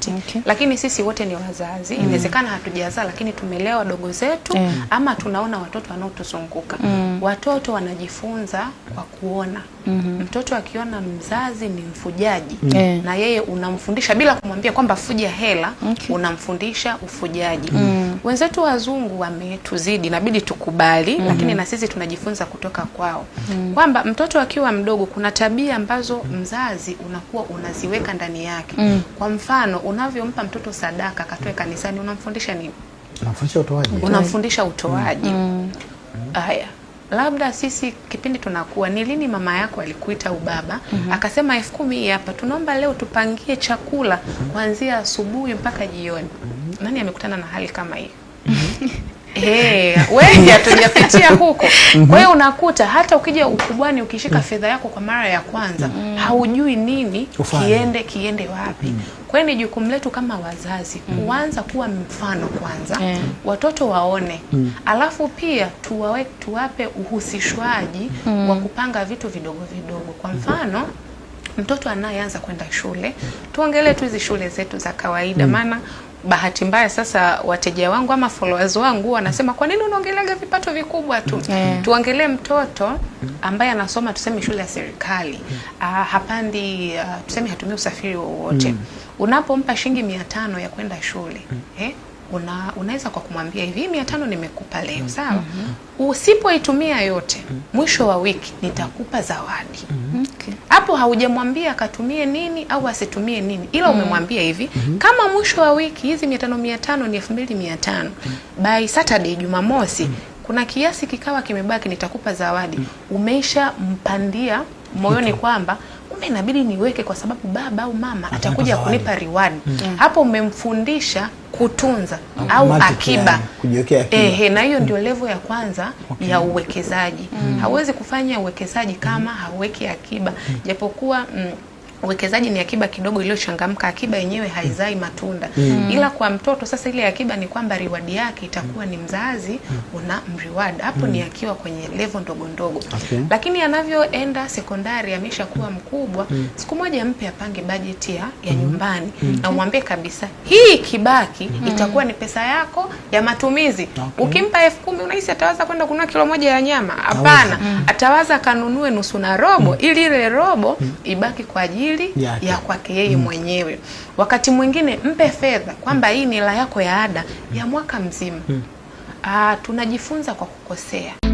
Okay. Lakini sisi wote ni wazazi mm. Inawezekana hatujazaa lakini tumelea wadogo zetu yeah. Ama tunaona watoto wanaotuzunguka mm. Watoto wanajifunza kwa kuona -hmm. Mtoto akiona mzazi ni mfujaji mm -hmm. na eh. yeye unamfundisha bila kumwambia kwamba fuja hela okay. Unamfundisha ufujaji mm -hmm. Wenzetu wazungu wametuzidi, inabidi tukubali mm -hmm. Lakini na sisi tunajifunza kutoka kwao mm -hmm. Kwamba mtoto akiwa mdogo kuna tabia ambazo mzazi unakuwa unaziweka ndani yake mm -hmm. Kwa mfano unavyompa mtoto sadaka katoe kanisani, unamfundisha nini? Unamfundisha utoaji, unamfundisha utoaji. Mm -hmm. Haya labda sisi kipindi tunakuwa, ni lini mama yako alikuita ubaba mm -hmm. akasema elfu kumi hapa, tunaomba leo tupangie chakula mhm. kuanzia asubuhi mpaka jioni? mm -hmm. Nani amekutana na hali kama hiyo? Mhm. Hey, eh, wengi hatujapitia huko. Kwa mhm. hiyo unakuta hata ukija ukubwani ukishika mm. fedha yako kwa mara ya kwanza mm. haujui nini Ufani. kiende kiende wapi mm. kwa hiyo ni jukumu letu kama wazazi mm. kuanza mm. kuwa mfano kwanza mm. watoto waone mm. alafu pia tuwawe, tuwape uhusishwaji mm. wa kupanga vitu vidogo vidogo kwa mm. mfano mtoto anayeanza kwenda shule tuongelee tu hizi shule zetu za kawaida maana mm bahati mbaya sasa wateja wangu ama followers wangu wanasema kwa nini unaongelea vipato vikubwa tu? Yeah. Tuongelee mtoto ambaye anasoma tuseme shule ya serikali uh, hapandi uh, tuseme hatumii usafiri wowote mm. Unapompa shilingi mia tano ya kwenda shule mm. eh? Una, unaweza kwa kumwambia hivi 500 mia tano nimekupa leo mm. sawa, mm -hmm. Usipoitumia yote mm. mwisho wa wiki nitakupa zawadi mm-hmm. mm -hmm. Okay. Hapo haujamwambia akatumie nini au asitumie nini, ila mm. umemwambia hivi mm -hmm. kama mwisho wa wiki hizi mia tano mia tano ni elfu mbili mia tano mm -hmm. by Saturday Jumamosi mm -hmm. kuna kiasi kikawa kimebaki, nitakupa zawadi mm -hmm. umeisha mpandia moyoni mm. kwamba kumbe inabidi niweke kwa sababu baba au mama atakuja kunipa reward mm -hmm. hapo umemfundisha kutunza ah, au akiba eh, na hiyo ndio level ya kwanza okay. ya uwekezaji mm. hawezi kufanya uwekezaji kama mm. haweki akiba mm. japokuwa mm, uwekezaji ni akiba kidogo iliyochangamka, akiba yenyewe haizai matunda mm. Ila kwa mtoto sasa, ile akiba ni kwamba riwadi yake itakuwa ni mzazi mm. una mriwadi hapo mm. Ni akiwa kwenye levo ndogo ndogo okay. Lakini anavyoenda sekondari ameshakuwa mkubwa mm. Siku moja mpe apange bajeti ya, ya mm-hmm. nyumbani mm. Na umwambie kabisa hii kibaki mm. Itakuwa ni pesa yako ya matumizi okay. Ukimpa elfu kumi unahisi atawaza kwenda kununua kilo moja ya nyama? Hapana mm. Atawaza akanunue nusu na robo mm. Ili ile robo mm. ibaki kwa ajili ajili Yaki. ya kwake yeye mm. mwenyewe. Wakati mwingine mpe fedha kwamba hii ni hela yako ya ada ya mm. mwaka mzima. Mm. Ah, tunajifunza kwa kukosea.